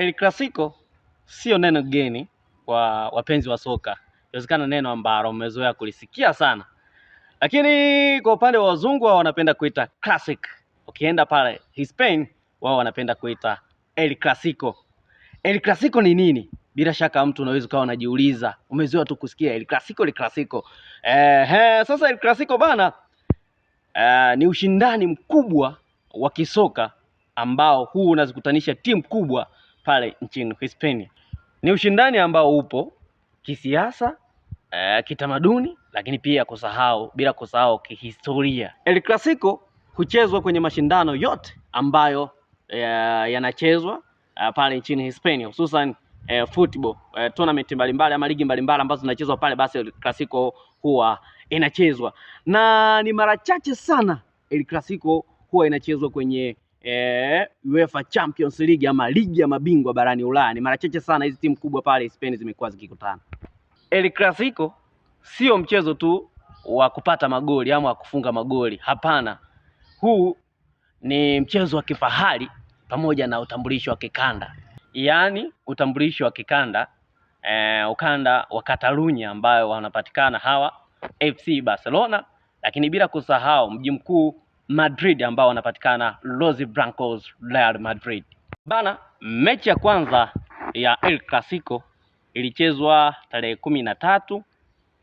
El Clasico sio neno geni kwa wapenzi wa soka, inawezekana neno ambalo mmezoea kulisikia sana, lakini kwa upande wa wazungu wao wanapenda kuita classic. Ukienda pale Spain wao wanapenda kuita El Clasico. El Clasico ni nini? Bila shaka mtu unaweza ukawa unajiuliza, umezoea tu kusikia El Clasico, El Clasico. Ehe, sasa El Clasico bana, e, ni ushindani mkubwa wa kisoka ambao huu unazikutanisha timu kubwa pale nchini Hispania. Ni ushindani ambao upo kisiasa, uh, kitamaduni, lakini pia kusahau bila kusahau kihistoria. El Clasico huchezwa kwenye mashindano yote ambayo uh, yanachezwa uh, pale nchini Hispania hususan uh, football uh, tournament mbalimbali ama ligi mbalimbali ambazo zinachezwa pale, basi El Clasico huwa inachezwa na ni mara chache sana El Clasico huwa inachezwa kwenye eh, UEFA Champions League ama ligi ya mabingwa barani Ulaya. Ni mara chache sana hizi timu kubwa pale Spain zimekuwa zikikutana. El Clasico sio mchezo tu wa kupata magoli ama wa kufunga magoli, hapana. Huu ni mchezo wa kifahari pamoja na utambulisho wa kikanda, yaani utambulisho wa kikanda eh, ukanda wa Katalunya ambayo wanapatikana hawa FC Barcelona, lakini bila kusahau mji mkuu Madrid ambao wanapatikana Los Blancos Real Madrid. Bana, mechi ya kwanza ya El Clasico ilichezwa tarehe kumi na tatu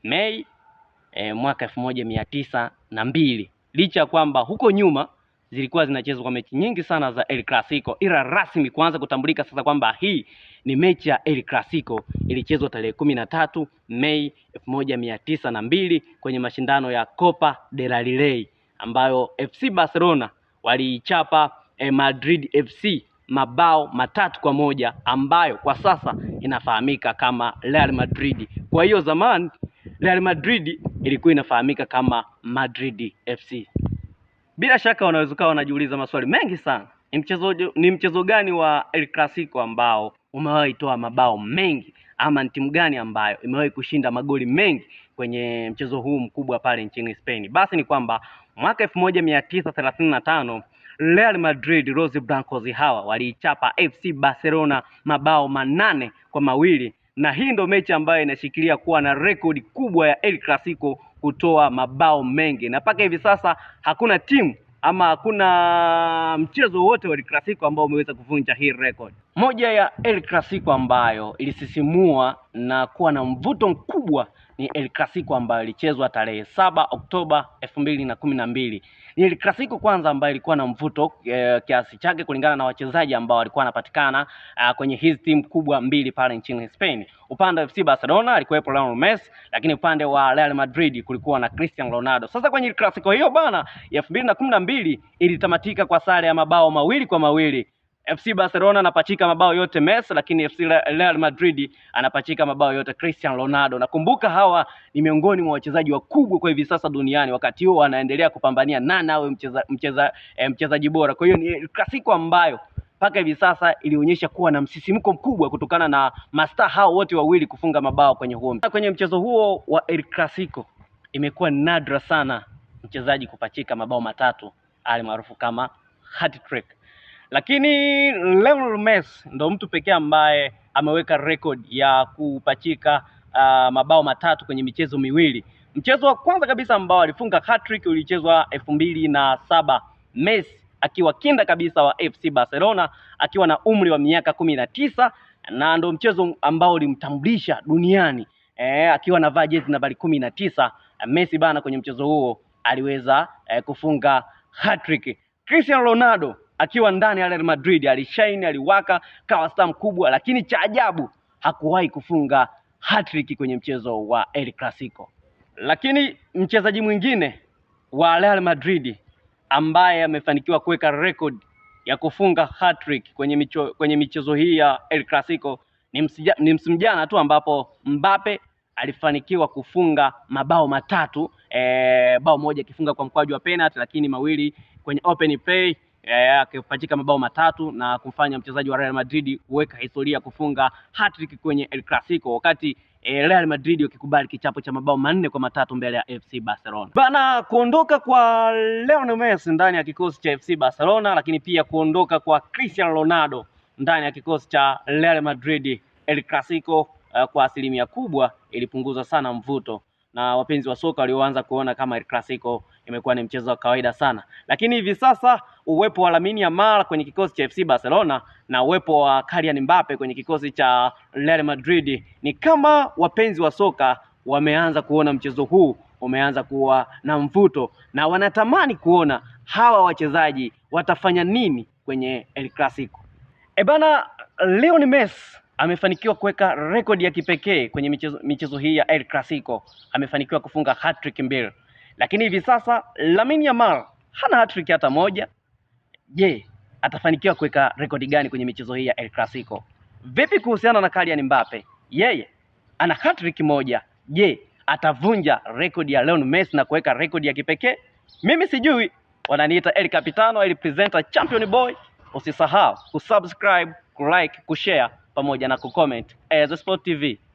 Mei e, mwaka elfu moja mia tisa na mbili licha ya kwamba huko nyuma zilikuwa zinachezwa kwa mechi nyingi sana za El Clasico, ila rasmi kuanza kutambulika sasa kwamba hii ni mechi ya El Clasico ilichezwa tarehe kumi na tatu Mei elfu moja mia tisa na mbili kwenye mashindano ya Copa del Rey ambayo FC Barcelona waliichapa eh, Madrid FC mabao matatu kwa moja ambayo kwa sasa inafahamika kama Real Madrid. Kwa hiyo zamani Real Madrid ilikuwa inafahamika kama Madrid FC. Bila shaka wanaweza ukawa wanajiuliza maswali mengi sana. Ni mchezo, ni mchezo gani wa El Clasico ambao umewahi toa mabao mengi ama ni timu gani ambayo imewahi kushinda magoli mengi kwenye mchezo huu mkubwa pale nchini Spain? Basi ni kwamba mwaka elfu moja mia tisa thelathini na tano Real Madrid Los Blancos hawa waliichapa FC Barcelona mabao manane kwa mawili na hii ndo mechi ambayo inashikilia kuwa na rekodi kubwa ya El Clasico kutoa mabao mengi, na mpaka hivi sasa hakuna timu ama hakuna mchezo wote wa El Clasico ambao umeweza kuvunja hii record. Moja ya El Clasico ambayo ilisisimua na kuwa na mvuto mkubwa ni El Clasico ambayo ilichezwa tarehe saba Oktoba elfu mbili na kumi na mbili ni klasiko kwanza ambayo ilikuwa na mvuto e, kiasi chake kulingana na wachezaji ambao walikuwa wanapatikana ah, kwenye hizi timu kubwa mbili pale nchini Spain. Upande wa FC Barcelona alikuwepo Lionel Messi, lakini upande wa Real Madrid kulikuwa na Cristiano Ronaldo. Sasa kwenye klasiko hiyo bana elfu mbili na kumi na mbili ilitamatika kwa sare ya mabao mawili kwa mawili FC Barcelona anapachika mabao yote Messi, lakini FC Real Madrid anapachika mabao yote Cristiano Ronaldo. Nakumbuka hawa ni miongoni mwa wachezaji wakubwa kwa hivi sasa duniani, wakati huo wanaendelea kupambania nani awe mchezaji mcheza, eh, mchezaji bora. Kwa hiyo ni klasiko ambayo mpaka hivi sasa ilionyesha kuwa na msisimko mkubwa kutokana na mastaa hao wote wawili kufunga mabao kwenye huo kwenye mchezo huo wa El Clasico. Imekuwa nadra sana mchezaji kupachika mabao matatu maarufu kama hat trick. Lakini Lionel Messi ndo mtu pekee ambaye ameweka rekodi ya kupachika uh, mabao matatu kwenye michezo miwili. Mchezo wa kwanza kabisa ambao alifunga hat-trick ulichezwa elfu mbili na saba Messi akiwa kinda kabisa wa FC Barcelona akiwa na umri wa miaka kumi na tisa na ndo mchezo ambao ulimtambulisha duniani e, akiwa anavaa jezi nambari kumi na tisa. Messi bana kwenye mchezo huo aliweza e, kufunga hat-trick. Cristiano Ronaldo akiwa ndani ya Real Madrid alishine, aliwaka, kawa star mkubwa, lakini cha ajabu hakuwahi kufunga hat kwenye mchezo wa El Clasico. Lakini mchezaji mwingine wa Real Madrid ambaye amefanikiwa kuweka record ya kufunga hat kwenye micho, kwenye michezo hii ya El Clasico ni msimu jana tu ambapo Mbappe alifanikiwa kufunga mabao matatu, e, bao moja akifunga kwa mkwaju wa penalty, lakini mawili kwenye open play yake kupachika mabao matatu na kumfanya mchezaji wa Real Madrid kuweka historia kufunga hat-trick kwenye El Clasico wakati eh, Real Madrid wakikubali kichapo cha mabao manne kwa matatu mbele ya FC Barcelona. Bana, kuondoka kwa Lionel Messi ndani ya kikosi cha FC Barcelona, lakini pia kuondoka kwa Cristiano Ronaldo ndani ya kikosi cha Real Madrid, El Clasico uh, kwa asilimia kubwa ilipunguza sana mvuto na wapenzi wa soka walioanza kuona kama El Clasico imekuwa ni mchezo wa kawaida sana, lakini hivi sasa uwepo wa Lamine Yamal kwenye kikosi cha FC Barcelona na uwepo wa Kylian Mbappe kwenye kikosi cha Real Madrid ni kama wapenzi wa soka wameanza kuona mchezo huu umeanza kuwa na mvuto na wanatamani kuona hawa wachezaji watafanya nini kwenye El Clasico. Ebana, Lionel Messi amefanikiwa kuweka rekodi ya kipekee kwenye michezo, michezo hii ya El Clasico. Amefanikiwa kufunga hat-trick mbili, lakini hivi sasa Lamine Yamal hana hat-trick hata moja. Je, atafanikiwa kuweka rekodi gani kwenye michezo hii ya El Clasico? Vipi kuhusiana na Kylian Mbappe? Yeye ana hat-trick moja. Je, atavunja rekodi ya Lionel Messi na kuweka rekodi ya kipekee? Mimi sijui. Wananiita El Capitano, El Presenter, Champion Boy. Usisahau kusubscribe, kulike, kushare pamoja na kucomment Aya eh, Sport TV.